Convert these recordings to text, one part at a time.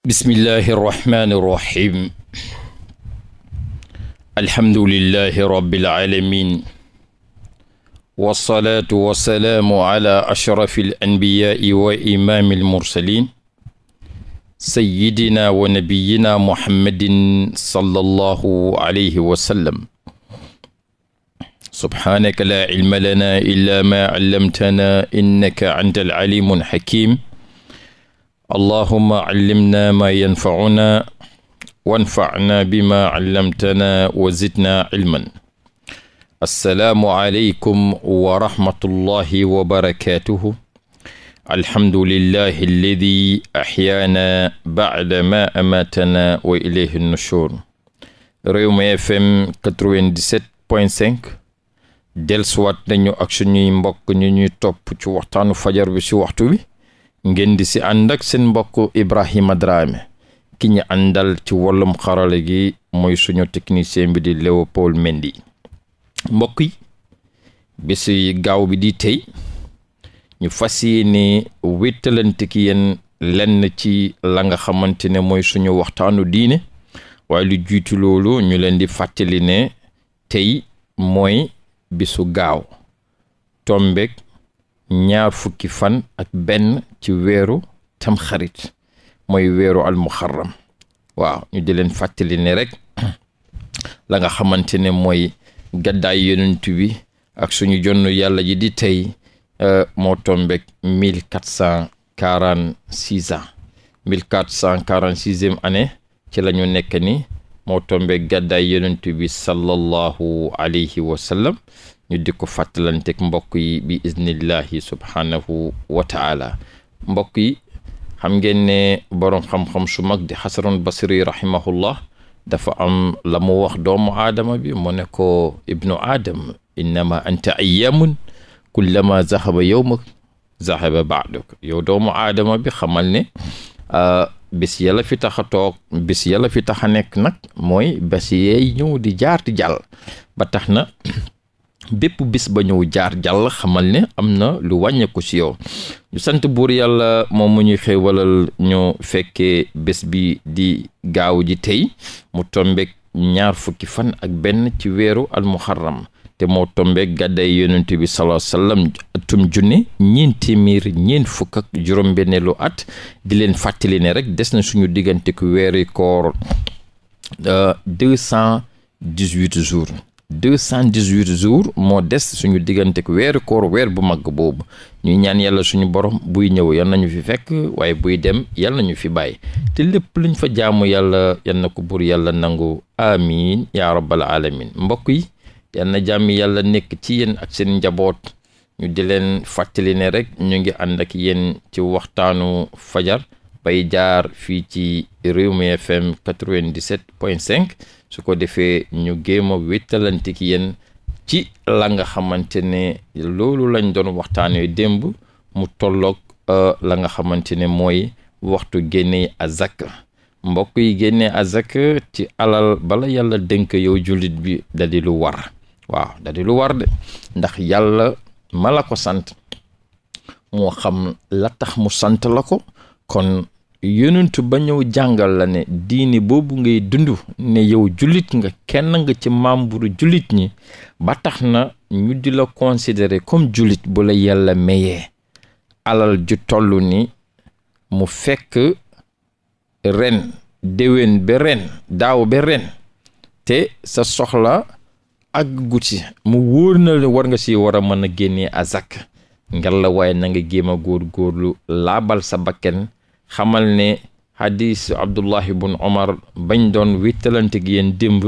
bismillahi irrahmani irrahim alhamdulilahi rabiilalamin walsalaatu wassalaamu ala ashrafi alanbiyaai wa imaami almursalin sayidina wa nabiyina muhammadin sallallahu alayhi wa sallam subhaanaka laa cilma lana illa ma callamtana innaka anta alcalimu alxakim allahuma callimna maa yanfacunaa wanfacnaa bimaa callamtanaa wa zidnaa cilman assalaamu aleykum wa rahmatullahi wa barakaatuhu alhamdulillahi alladi axyaana bacda ma amaatana wa ilayhi nushur Rewmi FM 97.5 dellusiwaat nañu ak suñuy mbokk ñu ñuy topp ci waxtaanu fajar bi ci waxtu bi ngeen di si ànd ak seen mbokk Ibrahima Dramé ki ñu àndal ci wollum xarala gi mooy suñu technicien mbidi di mendi Mendy mbokk yi bési gaaw bi di tey ñu fas yéene wéttalante ki yéen lenn ci la nga xamante ne mooy suñu waxtaanu diine waaye lu jiitu loolu ñu leen di fàttali ne tey mooy bisu gaaw tombeek ñaar fukki fan ak benn ci weeru tamxarit mooy weeru almuharram waaw ñu di leen fàttali ne rek la nga xamante ne mooy gàddaay yonent ak suñu jonn yàlla ji di tey euh, moo tombek mille quatre cent quarante six ans mille quatre cent quarante sixième année ci la ñu nekk ni moo tombe gàddaay yonent bi sallallahu alayhi wa ñu di ko fàttalanteeg mbokk yi bi iznillahi subhaanahu wa taala mbokk yi xam ngeen ne boroom xam su mag di xasanul basri rahimahullah dafa am la mu wax doomu aadama bi mu ne ko ibnu aadam innama anta ayyamun kullama zahaba yowmak zahaba baaduk yow doomu aadama bi xamal ne ah, bis yàlla fi tax toog bis yàlla fi tax a nekk nag mooy bés yeey ñëw di jaar di jàll na bépp bés ba ñëw jaar jàll xamal ne am na lu wàññeeku ci yow ñu sant buur yàlla moom mu ñuy xéewalal ñu fekkee bés bi di gaaw ji tey mu tombeek ñaar fukki fan ak benn ci weeru almuharram te moo tombeek gàdday yonent bi sallallahu alayhi atum junne ñeen téeméer ñeen fukk ak juróom-benneelu at di leen fàttali ne rek des na suñu diggante ku weeri koor euh, deux cent dix-huit jours deux cent dix-huit jours moo des suñu diggante ku weeru koor weer bu mag boobu ñuy ñaan yàlla suñu borom buy ñëw yal nañu fi fekk waaye buy dem yal nañu fi bàyyi te lépp luñ fa jaamu yàlla yal na ko buur yàlla nangu amiin yaa rabbal alamin mbokk yi yal na jàmm yàlla nekk ci yéen ak seen njaboot ñu di leen fàttali ne rek ñu ngi ànd ak yéen ci waxtaanu fajar bay jaar fii ci réew Rewmi FM 97.5 su ko defee ñu géem a wéttalante ci la nga xamante ne loolu lañ doon waxtaanee démb mu tollook euh, la nga xamante ne mooy waxtu génnee azak mbokk yi génnee azak ci alal bala yàlla dénk yow jullit bi da lu war waaw da lu war de ndax yàlla ma la ko sant moo xam la tax mu sant la ko kon yonentu ba ñëw jàngal la ne diini boobu ngay dund ne yow jullit nga kenn nga ci maam membre jullit ñi ba tax na ñu di la konsidere comme jullit bu la yàlla mayee alal ju toll ni mu fekk ren déwén ba ren daaw ba ren te sa soxla ak guti mu wóor na la war nga si war a mën a génnee azak ngal la waaye nanga nga góor góorlu laabal sa bakken xamal ne xadis abdullahi bun omar bañ doon wittalantek yéen démb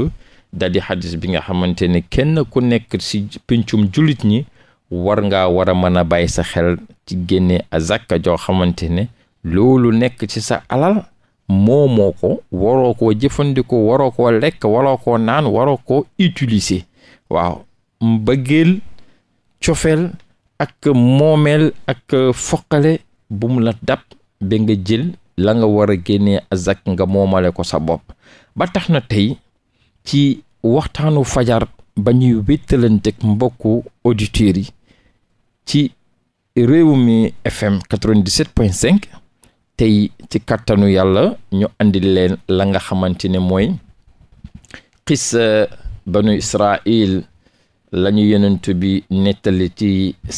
daldi xadis bi nga xamante ni kenn ku nekk ci pincum jullit ñi war nga war a mën a bàyyi sa xel ci génne azakka joo xamante ne loolu nekk ci sa alal moomoo ko waroo koo jëfandikoo waroo koo lekk waroo koo naan waroo koo utiliser waaw mbëggeel cofeel ak moomeel ak foqale bu mu la dab ba nga jël la nga war a génnee azak nga moomale ko sa bopp ba tax na tey ci waxtaanu fajar ba ñuy wéttalanteeg mbokku auditeurs yi ci réew mi FM 97.5 tey ci kàttanu yàlla ñu indi leen la nga xamante ne mooy xissa banu Israil la ñu yonent bi nettali ci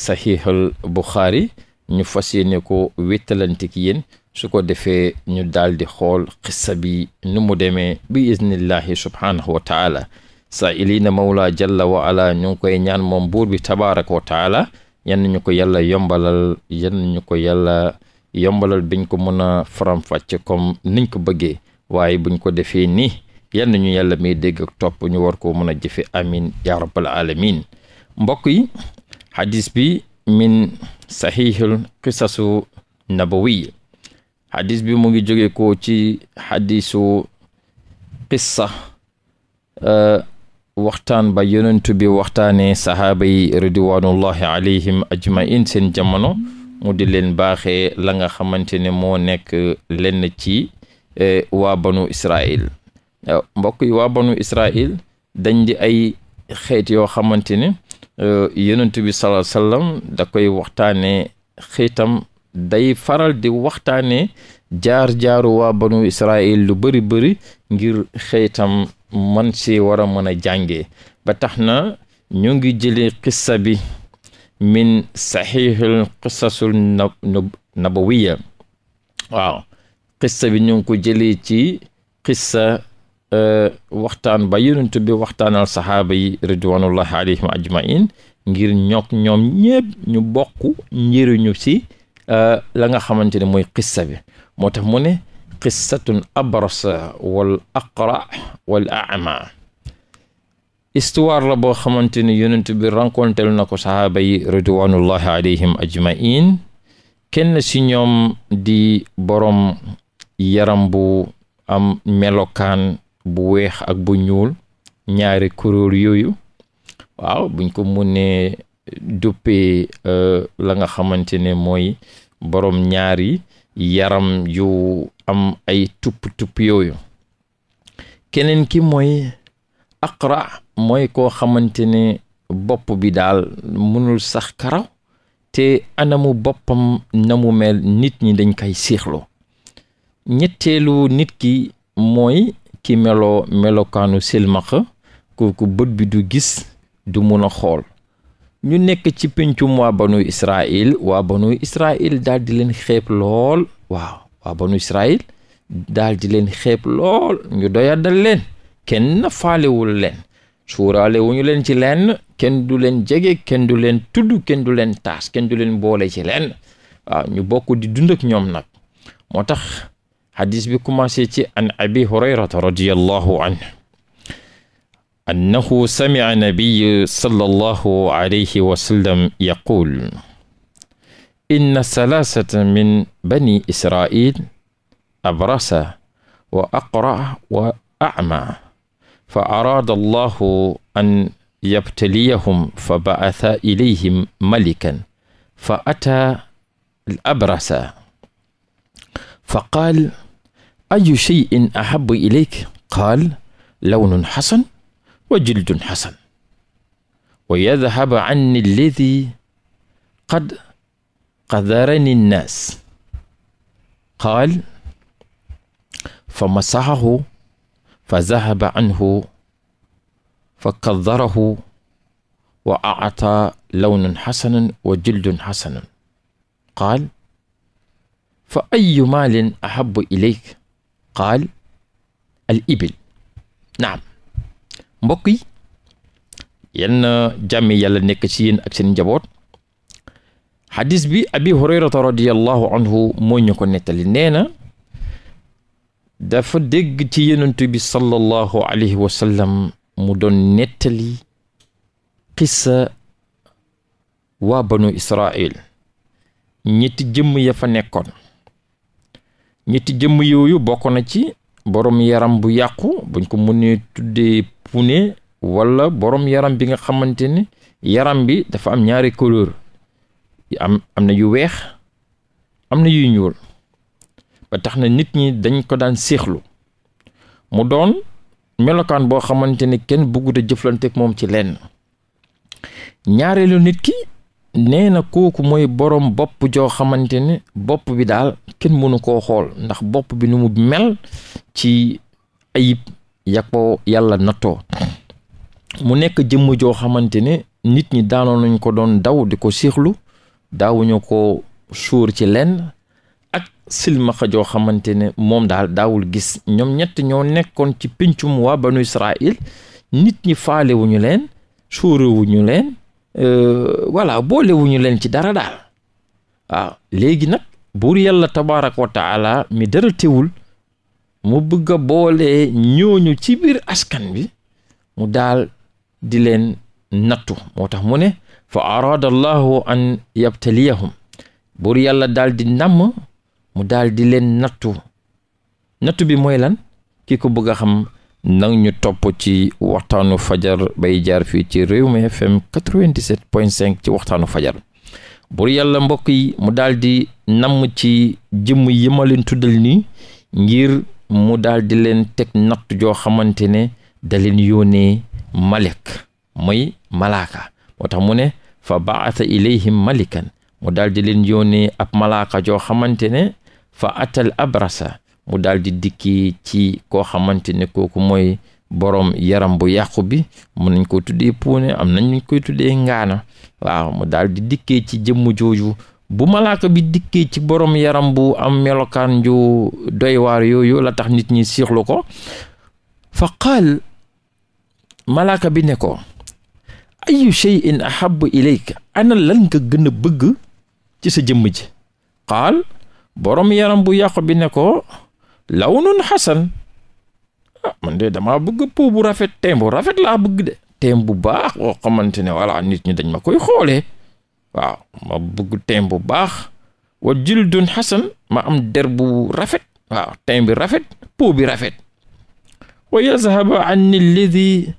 saxiixal Buxaari ñu fas yéene ko wéttalante ki yéen su ko defee ñu daal di xool xissa bi nu mu demee bi iznillahi subhaanahu wa taala saa ilina mawla jalla wa ala ñu ngi koy ñaan moom buur bi tabaraka wa taala yan ñu ko yàlla yombalal yan ñu ko yàlla yombalal biñ ko mën a faram-fàcce comme niñ ko bëggee waaye buñ ko defee ni yan ñu yàlla mi dégg topp ñu war ko mën a jëfe amin ya rabbal alamin mbokk yi hadis bi min saxiixul qisasu nabawi xadis bi mu ngi jóge ko ci xadisu qissa eh, waxtaan ba yonentu bi waxtaanee sahaaba yi ridwanullahi alayhim ajmain seen jamono mu di leen baaxee la nga xamante ne moo nekk len ci eh, waa banu israil eh, mbokk yi waa banu israil dañ ay xeet yoo xamante ne Euh, yonent bi salaa sallam da koy waxtaane xiitam day faral di waxtaane jaar-jaaru waa banu Israël lu bari bari ngir xiitam man si war a mën a jànge ba tax na ñu ngi jële qissa bi min saxiixul qisasul nabawiya waaw qissa bi ñu ngi ko jëlee ci qissa Euh, waxtaan ba yonent bi waxtaanal saxaaba yi ridwanullahi alayhim ajmain ngir ñook ñoom ñëpp ñu bokk njëriñu si euh, la nga xamante ne mooy qissa bi moo tax mu ne qissatun abras wal aqra wal ama histoire la boo xamante ne yonent bi rencontré na ko sahaaba yi ridwanullahi alayhim ajmain kenn si ñoom di borom yaram bu am melokaan bu weex ak bu ñuul ñaari kuréel yooyu waaw buñ ko mënee duppee euh, la nga xamante ne mooy boroom ñaari yaram yu am ay tupp-tupp yooyu keneen ki mooy aqra mooy koo xamante ne bopp bi daal mënul sax karaw te anamu boppam na mu mel nit ñi dañ koy seexloo ñetteelu nit ki mooy ki meloo melokaanu silmaxa kooku bët bi du gis du mun a xool ñu nekk ci pencum waa banu israil waa banu israil daal di leen xeep lool waaw waa banu leen xeeb lool ñu doyadal leen kenn faalewul leen suuraale ñu leen ci lenn kenn du leen jege kenn du leen tudd kenn du leen taas kenn du leen boole ci lenn waaw ñu bokk di dund ak ñoom nag moo tax xadis bi commencé ci an abi hurayrata radiallahu anhu annahu sami'a nabiyu sallallahu alayhi wa sallam yaqul inna salaasata min bani israil abrasa wa aqra wa acma fa araada allahu an yabtaliyahum fa ba'atha ilayhim malikan fa ataa al abrasa fa qaal ayu cheyin ahabu ilayk qaal lawnun xasan wa jildun xasan wa yadhaba anni alladi qad qadarani nnaas qaal fa masaxahu fa zahaba anhu fa kadarahu wa aata lawnun xasanun wa jildun xasanun qaal fa ayu maalin ahabu ilayk qaal al ibil naam mbokk yi yenn jàmmi yàlla nekk ci yéen ak seen njaboot xadis bi abi hurayrata radiallahu anhu moo ko nettali nee na dafa dégg ci yonent bi sallallahu alayhi wa mu doon nettali qissa waa banu israil ñetti jëmm ya fa nekkoon ñetti jëmm yooyu bokk na ci borom yaram bu yàqu buñ ko mën mënee tuddee pune walla borom yaram bi nga xamante ne yaram bi dafa am ñaari couleur am am na yu weex am na yu ñuul ba tax na nit ñi dañ ko daan seexlu mu doon melokaan boo xamante ne kenn bëggut a jëflanteeg moom ci lenn ñaareelu nit ki nee na kooku mooy boroom bopp joo xamante ne bopp bi daal kenn mënu koo xool ndax bopp bi nu mu mel ci ayib ya ko yàlla natoo mu nekk jëmm joo xamante ne nit ñi daanoon nañ ko doon daw di ko siixlu daawuñu ko suur ci lenn ak silmaxa joo xamante ne moom daal daawul gis ñoom ñett ñoo nekkoon ci pincum waa banu Israil nit ñi faalewuñu leen suurewuñu leen Euh, voilà boolewuñu leen ci dara daal waaw léegi nag buur yàlla tabaaraka wa mi dara teewul mu bëgg a boole ñooñu ci biir askan bi mu daal di leen nattu moo tax mu ne fa araada allahu an yabtaliyahum buur yàlla daal di namm mu daal di leen nattu nattu bi mooy lan ki ko bëgg xam nang ñu topp ci waxtaanu fajar bay jaar fii ci réew mi fm 97.5 ci waxtaanu fajar bur yàlla mbokk yi mu daal di namm ci jëmm yi ma nii ngir mu daal di leen teg natt joo xamante ne da leen yónnee malek mooy malaaka moo tax mu ne fa baata ilayhim malikan mu daal di leen yónnee ab malaaka joo xamante ne fa atal abrasa mu daal di dikki ci koo xamante ne kooku mooy boroom yaram bu yàqu bi mën nañ ko tuddee puune am nañ ñu koy tuddee ngaana waaw mu daal dikkee ci jëmm jooju bu malaaka bi dikkee ci boroom yaram bu am melokaan ju doywaar yooyu la tax nit ñi siixlu ko fa qaal malaaka bi ne ko ayu shay'in ahabu ilayka ana lan nga gën a bëgg ci sa jëmm ji qaal borom yaram bu yàqu bi ne ko lawnun xasan ah, man de damaa bëgg pou bu rafet teem rafet la bëgg de teem bu baax boo xamante ne wala nit ñi dañ ma koy xoolee waaw ma bëgg teem bu baax wa jildun xasan ma am der bu rafet waaw teem bi rafet pou bi rafet wa yazhaba anni alladi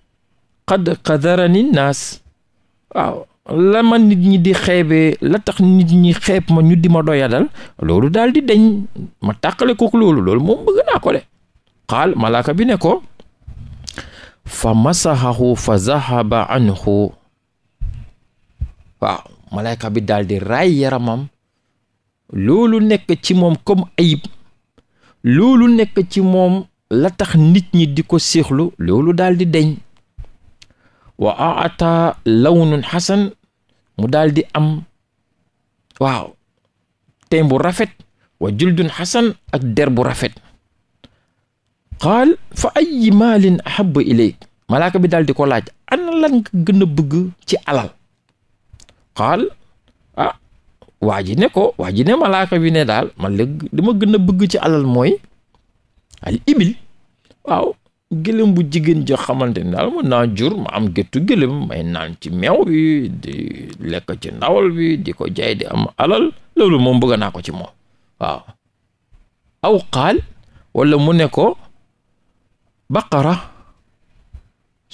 qad qadarani nnaas waaw la ma nit ñi di xeebee la tax nit ñi xeeb ma ñu di ma doyadal loolu daal di deñ ma takkale ko loolu loolu moom bëgg naa ko de xaal malaaka bi ne ko fa masahahu fa zahaba anhu waaw malaaka bi daal di raay yaramam loolu nekk ci moom comme ayib loolu nekk ci moom la tax nit ñi di ko séexlu loolu daal di deñ wa aata lawnun xasan mu daldi am waaw teem bu rafet wa juldun xasan ak der bu rafet qaal fa ayi maalin ahabu ilayk malaaka bi daal di ko laaj ana lan nga gën a bëgg ci alal qaal ah, waa ji ne ko waa ji ne malaaka bi ne daal man léegi li gën a bëgg ci alal mooy al ibil waaw gëléem bu jigéen joo xamante ni daal mën naa jur ma am géttu gëléem may naan ci meew bi di lekk ci ndawal bi di ko jaay di am alal loolu moom bëgg naa ko ci moom waaw aw xaal wala mu ne ko baqara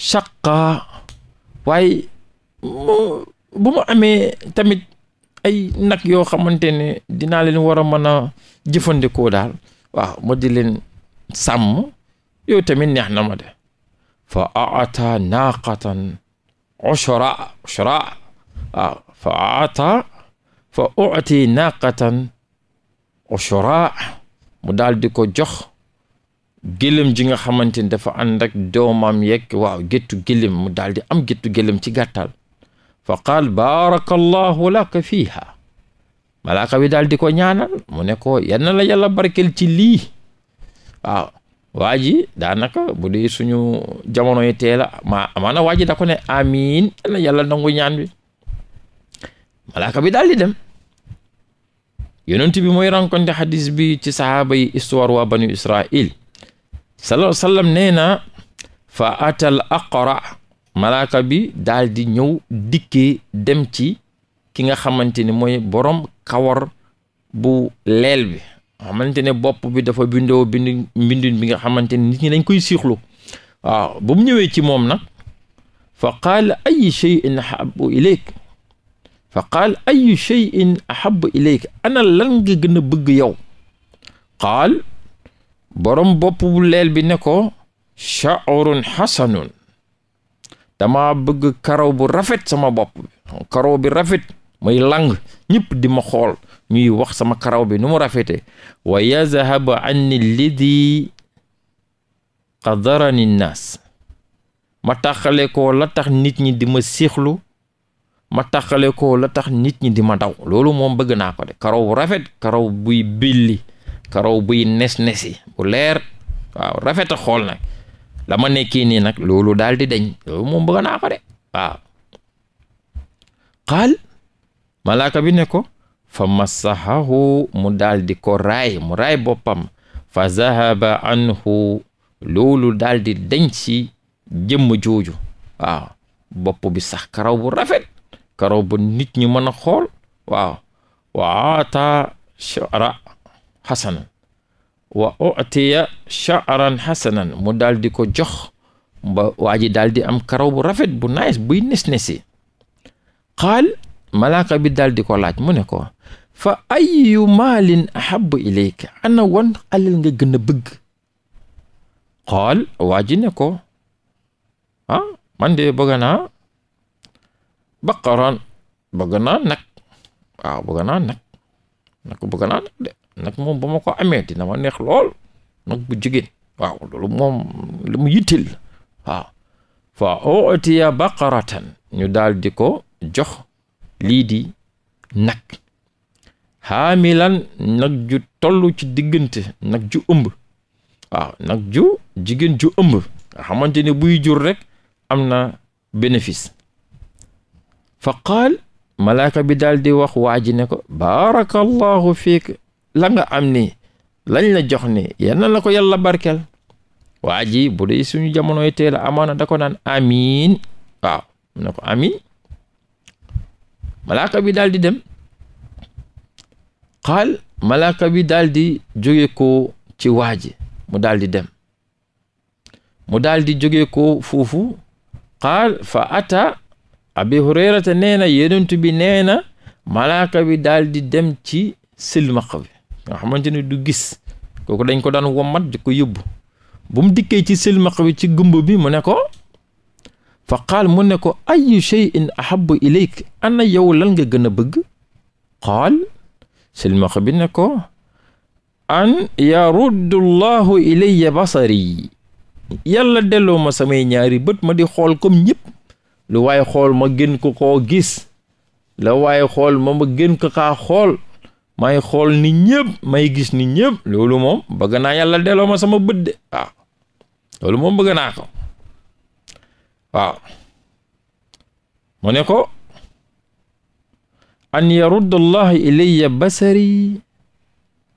shaqa waaye bu ma amee tamit ay nag yoo xamante ne dinaa leen war a mën a jëfandikoo daal waaw ma di leen sàmm yow tamit neex na ma de fa aata naaqatan ushra ushra ah, fa aata fa uti naaqatan ushra mu daal di ko jox gëlëm ji nga xamante ni dafa ànd ak doomam yeeg waaw géttu gëlëm mu daal di am géttu gëlëm ci gàttal fa qaal baarakallahu laka fiiha malaaka bi daal di ko ñaanal mu ne ko yal la yàlla barkel ci lii waaw ah, waa ji daanaka bu dee suñu jamono yi teel a ma amaana waa ji da ko ne nangu ñaan bi malaaka bi daal di dem yonent bi mooy rencontré xadis bi ci sahaaba yi histoire waa banu israil sallallahu sallam nee na fa atal aqra malaaka bi daal ñëw dikki dem ci ki nga xamante ni mooy borom kawar bu leel bi nga xamante ne bopp bi dafa bindoo bind mbindin bi nga xamante ni nit ñi dañ koy siixlu waaw bu mu ñëwee ci moom nag fa qaal ayu cheyin ahabu ilayk fa qaal ayu cheyin ahabu ilayk ana lan nga gën a bëgg yow qaal borom bopp bu leel bi ne ko chaurun xasanun dama bëgg karaw bu rafet sama bopp bi karaw bi rafet muy lang ñëpp di ma xool ñuy wax sama karaw bi nu mu rafete wa yazhaba anni lidi qadarani naas ma taxale ko la tax nit ñi di ma siixlu ma taxale ko la tax nit ñi di ma daw loolu moom bëgg naa ko de karaw bu rafet karaw buy billi karaw buy nes-nesi bu leer waaw rafet a xool nag la ma nekkee nii nag loolu daal di dañ loolu moom bëgg naa ko de waaw xaal malaaka bi ne ko fa massahahu mu daldi ko raay mu raay boppam fa zahaba anhu loolu daldi di denci jëmm jooju waaw bopp bi sax karaw bu rafet karaw bu nit ñi mën a xool waaw wa aata shara xasanan wa utiya sha'ran xasanan mu daldi ko jox ba waa ji am karaw bu rafet bu nice buy nes qaal malaaka bi daldi ko laaj mu ne ko fa ayu maalin ahabu ilayka ana wan alal nga gën a bëgg xool waa ne ko ah man de bëgg naa baqaran bëgg naa nag waaw bëgg naa nag nag bëgg naa nag de nag moom ba ma ko amee dina ma neex lool nag bu jigéen waaw loolu mu yittil fa utiya baqaratan ñu daldi ko jox lii di nag xaamilan nag ju toll ci diggante nag ju ëmb waaw nag ju jigéen ju ëmb nga xamante ne buy jur rekk am na bénéfice fa qaal malaaka bi daal di wax waa ji ne ko barakallahu fiik la nga am ni lañ la jox ni yenna la ko yàlla barkel waa ji bu dee suñu jamonoy teel a amaana da ko naan amiin waaw ne ko amiin malaaka bi daldi di dem xaal malaaka bi daldi di jóge ko ci waa ji mu daldi dem mu daldi di jóge ko foofu xaal fa ata abi hurayrata nee na yonent bi nee na malaaka bi daldi dem ci silmaxa bi nga xamante ne du gis kooku dañ ko daan wommat di ko yóbbu bum dikkee ci silmaxa bi ci gumb bi mu ne ko fa qaal mu ne ko ayu cheyin ahabu ilayk ana yow lan nga gën a bëgg qaal silmaxa bi ne ko an yaruddu llahu ilayya basari yàlla delloo ma samay ñaari bët ma di xool comme ñépp lu waaye xool ma gën ko koo gis la waaye xool ma ma gën ko kaa xool may xool ni ñëpp may gis ni ñëpp loolu moom bëgg naa yàlla delloo ma sama bët de waaw ah, loolu moom bëgg naa ko waaw ne ko an yarudda allahu basari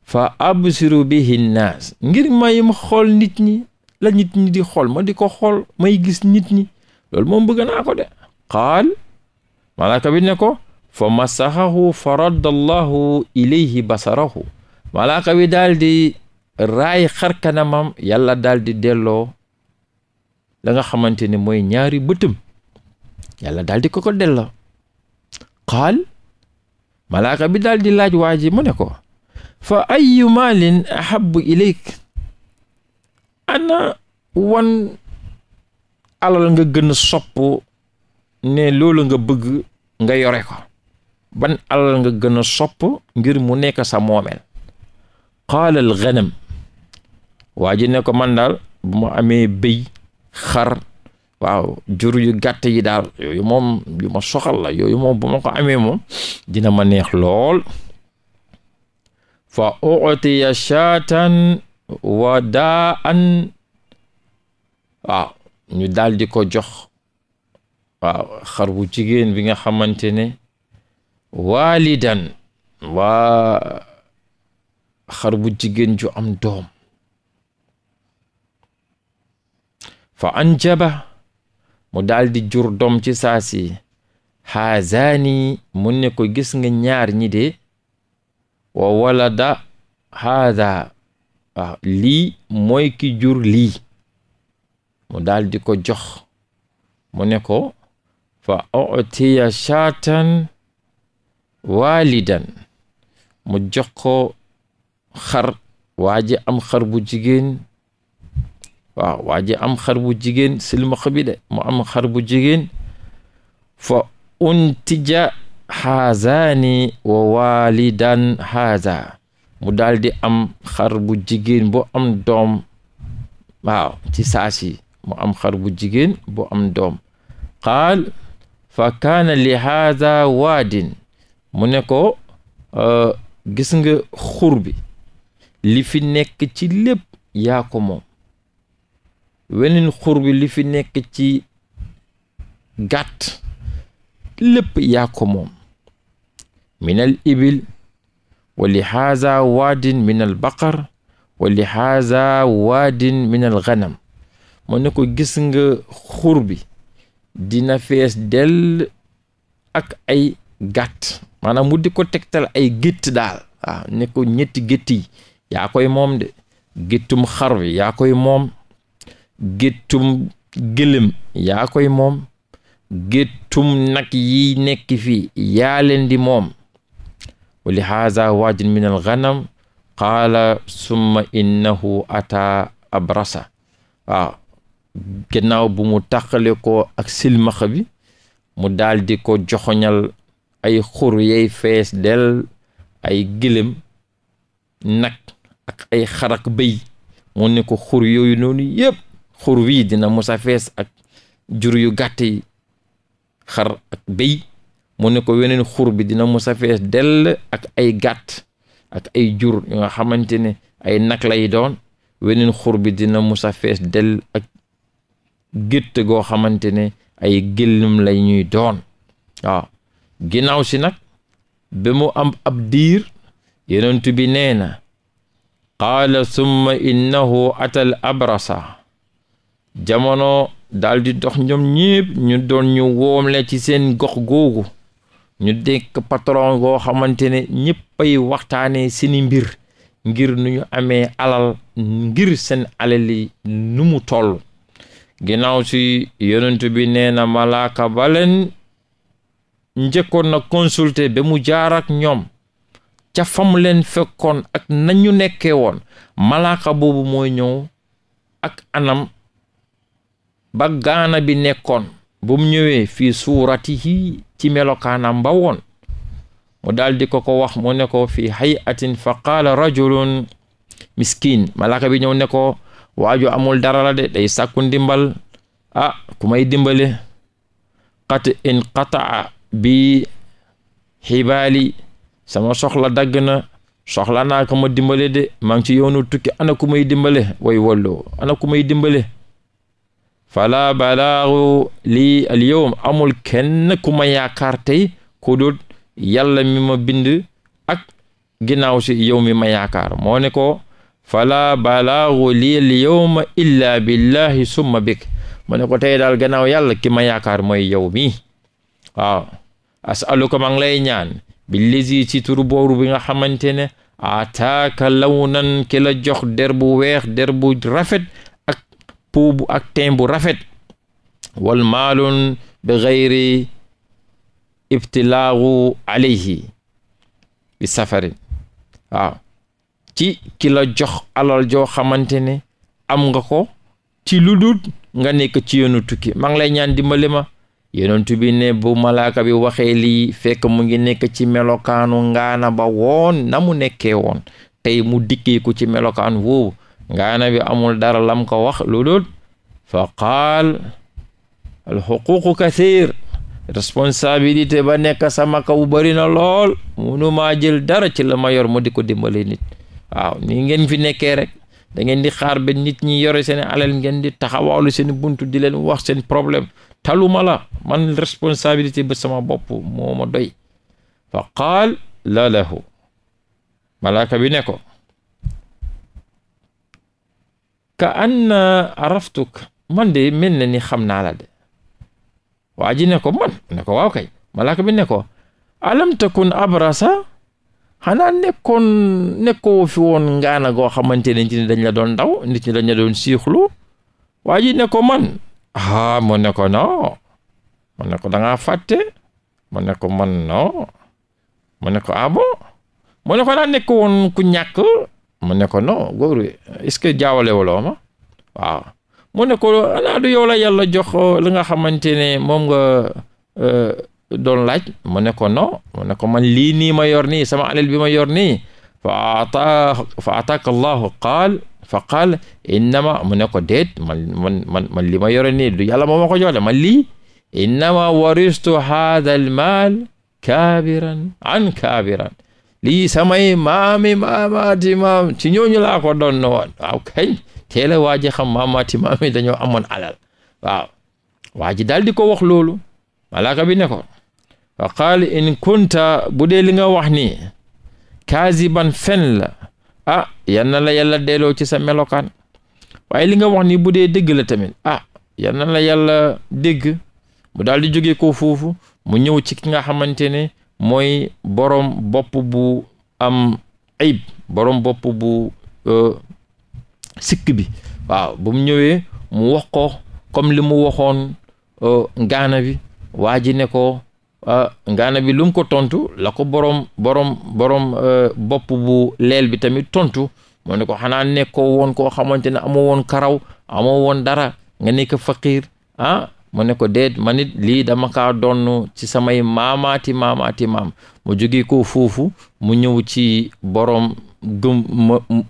fa absiru bihi nnaas ngir mayim xool nit ñi la nit ñi di xool ma di ko xool may gis nit ñi loolu moom bëgg de qaal malaaka bi ne ko fa masaxahu fa radda allahu basarahu malaaka bi daal raay xarkanamam yàlla daal di delloo danga xamante ne mooy ñaari bëtam yàlla daal ko ko delloo qaal malaaka bi daal laaj waa ji mu ne ko fa ayu maalin ahabu ilayk ana wan alal nga gën a sopp ne loolu nga bëgg nga yore ko ban alal nga gën sopp ngir mu nekk sa moomeel qaala al ganam waa ji ne ko man daal bu mu amee béy xar waaw jur yu gàtt yi daal yooyu moom yu ma soxal la yooyu moom bu ma ko amee moom dina ma neex lool fa utiya shaatan wadaan waaw ñu daldi ko jox waaw xar bu jigéen bi nga xamante ne waalidan waa xar bu jigéen ju am doom fa anjaba mu daldi jur doom ci saasi haazani mu ne ko gis nga ñaar ñi de wa walada haada lii moyki ki jur lii mu daldi ko jox mu ne ko fa utiya shaatan waalidan mu jox ko xar waa ji am xar bu jigéen waaw waa ji am xar bu jigéen silmaxa bi de mu am xar bu jigéen fa untija xaazaani wa waalidan xaaza mu daldi am xar bu jigéen bu am doom waaw ci saasi mu am xar bu jigéen bu am doom qaal fa kaana li haaza waadin mu ne ko euh, gis nga xur bi li fi nekk ci lépp yaa ko moom weneen xur bi li fi nekk ci gàtt lépp yaa ko moom minal ibil wali haza waadin minal baqar wali haza waadin minal ganam mu ne ko gis nga xur bi dina fees dell ak ay gàtt maanaam mu di ko tegtal ay gétt daal waaw ñetti gétt yi moom de géttum xar bi yaa moom géttum gëlëm yaa moom géttum nag yi nekk fii yaa leen di moom wa li haza waajun min al ganam qaala summa innahu ata abrasa waaw gannaaw bu mu tàqale ko ak silmaxa bi mu daldi ko joxoñal ay xur yay fees del ay gëlëm nag ay xarak bëy mu ko xur yooyu noonu yépp xur wii dina musa fees ak jur yu gàtt yi xar ak béy mu ne ko weneen xur bi dina musa fees dell ak ay gàtt ak ay jur yu nga xamante ne ay nag lay doon weneen xur bi dina musa fees dell ak gétt goo xamante ne ay gëllum lay ñuy doon waaw ginnaaw si nag ba mu am ab diir yonent bi nee na qaala summa innahu atal abrasa jamono daldi dox ñoom ñépp ñu doon ñu woomle ci seen gox googu ñu dekk patron goo xamante ne ñéppay waxtaanee seeni mbir ngir nu ñu amee alal ngir seen alal yi nu mu toll ginnaaw si yonent bi nee na malaaka baleen njëkkoon na consulter ba mu jaar ñoom ca fam leen fekkoon ak nañu nekkee woon malaaka boobu mooy ñëw ak anam ba gaana bi nekkoon bu mu ñëwee fii suuratihi ci melokaanam ba mu daldi ko ko wax mu ne ko fii hayatin fa qaala rajulun miskin malaaka bi ñëw ne ko waaju amul dara la sakku dimbal sàkku ndimbal ah, may dimbale qat in qataa bi xibaali sama soxla dagg na soxla naa ko ma dimbale de maa ngi ci yoonu tukki ana ku may dimbale way walloo ana ku dimbale fala balaaru lii al amul kenn ku ma yaakaar tey ku dul yàlla mi ma bind ak ginnaaw si yow mi ma yaakaar moo ne ko fala balaaru lii al yowma billahi summa bik mu ne ko tey daal gannaaw yàlla ki ma yaakaar mooy yow mi waaw asaluka maa ngi lay ñaan billazi ci turu booru bi nga xamante ne ataaka lawnan ki la jox der bu weex der bu rafet peau ak teint bu rafet wal maalun bi xayri ibtilaagu alayhi bi safarin waaw ci ki la jox alal joo xamante ne am nga ko ci lu nga nekk ci yoonu tukki maa lay ñaan dimbali ma yonentu bi ne bu malaaka bi waxee lii fekk mu ngi nekk ci melokaanu ngaana ba woon na mu nekkee woon tey mu dikkee ci melokaan woowu ngaana bi amul dara lam ko wax lu dul fa qaal al xuququ kathir responsabilité ba nekk sama kaw bari na lool ma jël dara ci la ma yor mu di ko dimbali nit waaw nii ngeen fi nekkee rek da ngeen di xaar ba nit ñi yore seen alal ngeen di taxawaalu seen buntu di leen wax seen problème taluma la man responsabilité ba sama bopp moo ma doy fa qaal la lahu malaaka bi ne ko ka anna araftuk man de mel na ni xam naa la de waa ji ne ko man ne ko waaw kay malaaka bi ne ko alam takun abrasa xanaa nekkoon nekkoo fi woon ngaana goo xamante ne nit dañ la doon ndaw nit ñi dañ la doon siixlu waa ji ne ko man ah mu ne ko non mu ne ko danga ngaa fàtte mu ne ko man non mu ne ko ah bon ne ko daa nekk woon ku ñàkk mu ne ko non góor est-ce que jaawale waloo ma waaw ne ko anaa du la euh, nga xamante ne moom nga euh, doon laaj mu ne ko non man lii nii ma yor nii sama alal bi ma yor nii fa ata fa ataaka allahu qaal fa qaal innama mu ne ko déet man li ma yore nii du yàlla moo ma ko jox man lii innama waristu haadha al kaabiran an kaabiran lii samay maami maamaati maam ci ñooñu laa ko doon na waaw kañ teel a xam maamaati maami dañoo amoon alal waaw waa ji daal ko wax loolu malaaka bi ne ko fa qaal in kunta bu dee li nga wax ni nii ban fen la ah yal na la yalla delloo ci sa melokaan waaye li nga wax nii bu dee dëgg la tamit ah yal na la yàlla dégg mu daldi di jóge ko foofu mu ñëw ci ki nga xamante ne mooy borom bopp bu am ayib borom bopp bu euh, sikk bi waaw bu mu ñëwee mu wax ko comme li mu waxoon euh, ngaana bi waa ji ne ko euh, ngaana bi lu ko tontu la ko borom borom borom bopp bu leel bi tamit tontu moo ne ko xanaa nekkoo woon koo xamante ne amoo woon karaw amoo woon dara nga nekk faqiir ah mo ne ko déet man it lii dama kaa donn ci samay maamaati maamaati maam mu jóge ko foofu mu ñëw ci borom gëm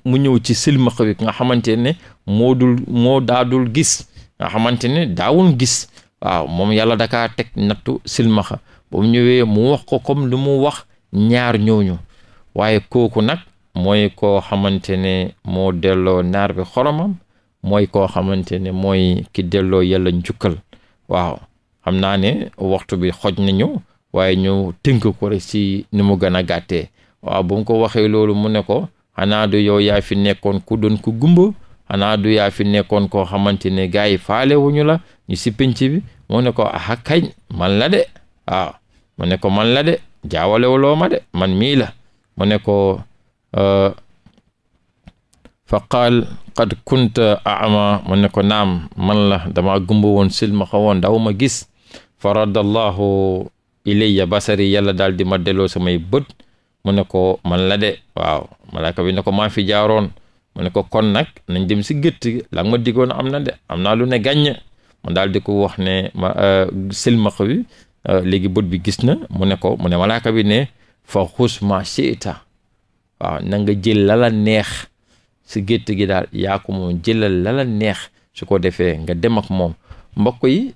mu ñëw ci silmaxa bi nga xamante ne moo daadul gis nga xamante ne daawul gis waaw moom yàlla dakaa teg nattu silmaxa ba mu ñëwee mu wax ko comme lu mu wax ñaar ñooñu waaye kooku nag mooy koo xamante ne moo delloo naar bi xoromam mooy koo xamante ne mooy ki delloo yàlla njukkal waaw am naa ne waxtu bi xoj nañu waaye ñu tënk ko si ni mu gën a gàttee waaw bum ko waxee loolu mu ne ko xanaa du yow yaa fi nekkoon ku doon ku gumba xanaa du yaa fi nekkoon koo xamante ne gars yi faale wuñu la ñu si penc bi mu ne ko aha kañ man la de waaw mu ne ko man la de jaawalewuloo ma de man mii la mu ne ko euh, fa qaal qad kunta ama mu ne ko naam man la dama gumba woon silma xa woon daw ma gis fa radallahu ilayya basari yàlla daal di ma delloo samay bët mu ne ko man la de waaw malaaka bi ne ko maa fi jaaroon mu ne ko kon nag nañ dem si gétt la ma diggoon am na de am naa lu ne gàññ mu daal di ko wax ne ma euh, silmaxa bi euh, léegi bët bi gis na mu ne ko mu ne malaaka bi ne fa xus ma siita waaw na jël lala neex si gétt gi daal yaa ko moom jëlal la neex su ko defee nga dem ak moom mbokk yi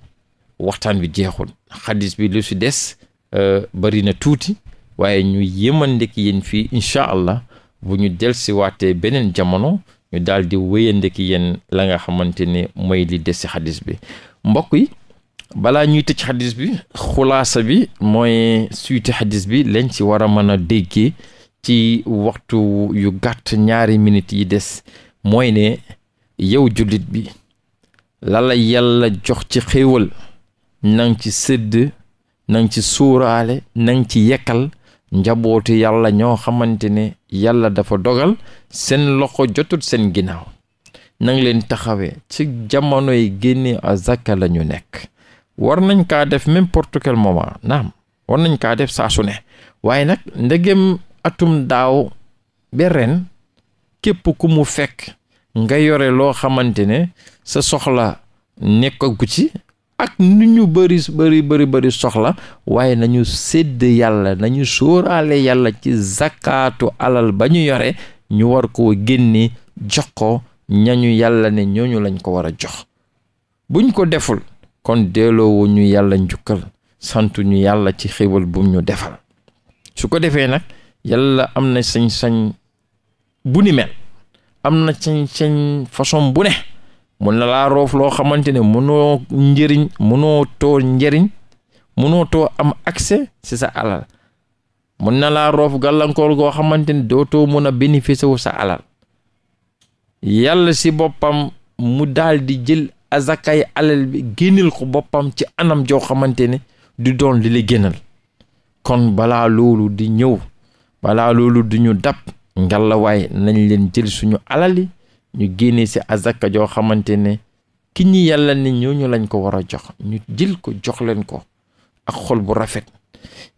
waxtaan bi jeexul xadis bi lu si des euh, bari na tuuti waaye ñu yëmandek yéen fii incha allah bu ñu del si waatee beneen jamono ñu daal di wéyandek yéen la nga xamante ne mooy li des si xadis bi mbokk yi bala ñuy tëj xadis bi xulaasa bi mooy suite xadis bi lañ si war a mën a déggee ci waxtu yu gàtt ñaari minutes yi des mooy ne yow jullit bi lala yàlla jox ci xéewal nang ci sëdd nang ci suuraale nang ci yekkal njabootu yàlla ñoo xamante ne yàlla dafa dogal seen loxo jotut seen ginnaaw nang leen taxawee ci jamono yi génne azaka la ñu nekk war nañ kaa def n'importe quel moment naam war nañ kaa def saa su ne waaye nag ndegem atum daaw ba képp ku mu fekk nga yore loo xamante ne sa soxla nekkagu ci ak nu ñu bëri bëri bëri soxla waaye nañu sedd yàlla nañu sóoraale yàlla ci zakaatu alal ba ñu yore ñu war ko génne jox ko ñañu yàlla ne ñooñu lañ ko wara a jox buñ ko deful kon delloowu ñu yàlla njukkal santu ñu yàlla ci xéwal bum ñu defal su ko defee nag yàlla am na sañ-sañ bu ni mel am na sañ-sañ façon bu ne mun na laa roof loo xamante ne mënoo njëriñ mënoo too njëriñ mënoo too am accès ci sa alal mun na laa roof gàllankoor goo xamante ne dootoo mun a bénéficier wu sa alal yàlla si boppam mu daal di jël azakay alal bi génneel ko boppam ci anam joo xamante ne du doon li la génnal kon balaa loolu di ñëw balaa loolu du ñu dab ngalawaay nañ leen jël suñu alali ñu génnee ci azaka joo xamante ne ki ñi yàlla ni ñooñu lañ ko war a jox ñu jël ko jox leen ko ak xol bu rafet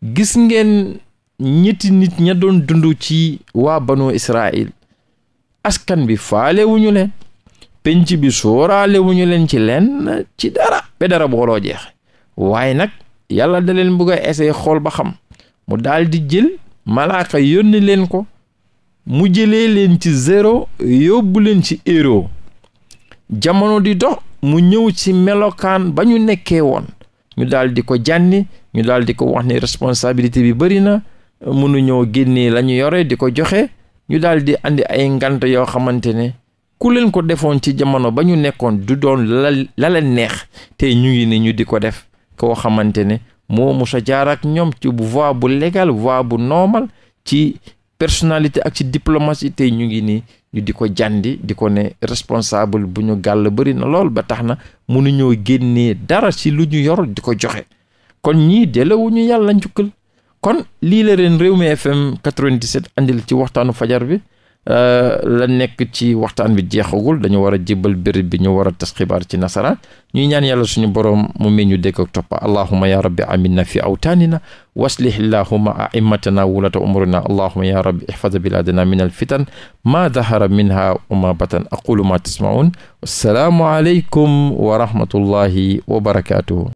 gis ngeen ñetti nit ña doon dund ci waa banu Israël askan bi faale wu leen penc bi sóoraale wu leen ci leen ci dara ba dara booloo jeex waaye nag yàlla da leen bëgg a essayer xool ba xam mu daal jël malaaka yónni leen ko mu jëlee leen ci zéro yóbbu leen ci euro jamono di dox mu ñëw ci melokaan ba ñu nekkee woon ñu daal di ko jànni ñu daldi ko wax ne responsabilité bi bëri na mënu ñoo génnee la ñu yore di ko joxe ñu daal di andi ay ngante yoo xamante ne ku leen ko defoon ci jamono ba ñu nekkoon du doon lale la neex tey ñu ngi ne ñu di ko def koo xamante ne moo mos a ak ñoom ci voie bu légal voix bu normal ci personnalité ak ci diplomatie tey ñu ngi nii ñu di ko jàndi di ko ne responsable bu ñu gàll bëri na lool ba tax na mënuñoo génnee dara si lu ñu yor di ko joxe kon ñii delewuñu yàlla njukkal kon lii la reen réew mi FM 97 andil ci waxtaanu fajar bi Euh, lan nekk ci waxtaan bi jeexagul dañu war a jébbal béréb bi ñu war a tas xibaar ci nasaraan ñuy ñaan yàlla suñu boroom mu meññu dégg ak toppa allahuma ya rabbi aminna fi awtaanina waslih illahuma aimmatana wulata umurina allahuma ya rabbi ihfaz biladana min alfitan ma dahara minha wa ma batan aqulu ma tasmaun assalaamu aleykum wa rahmatullahi wa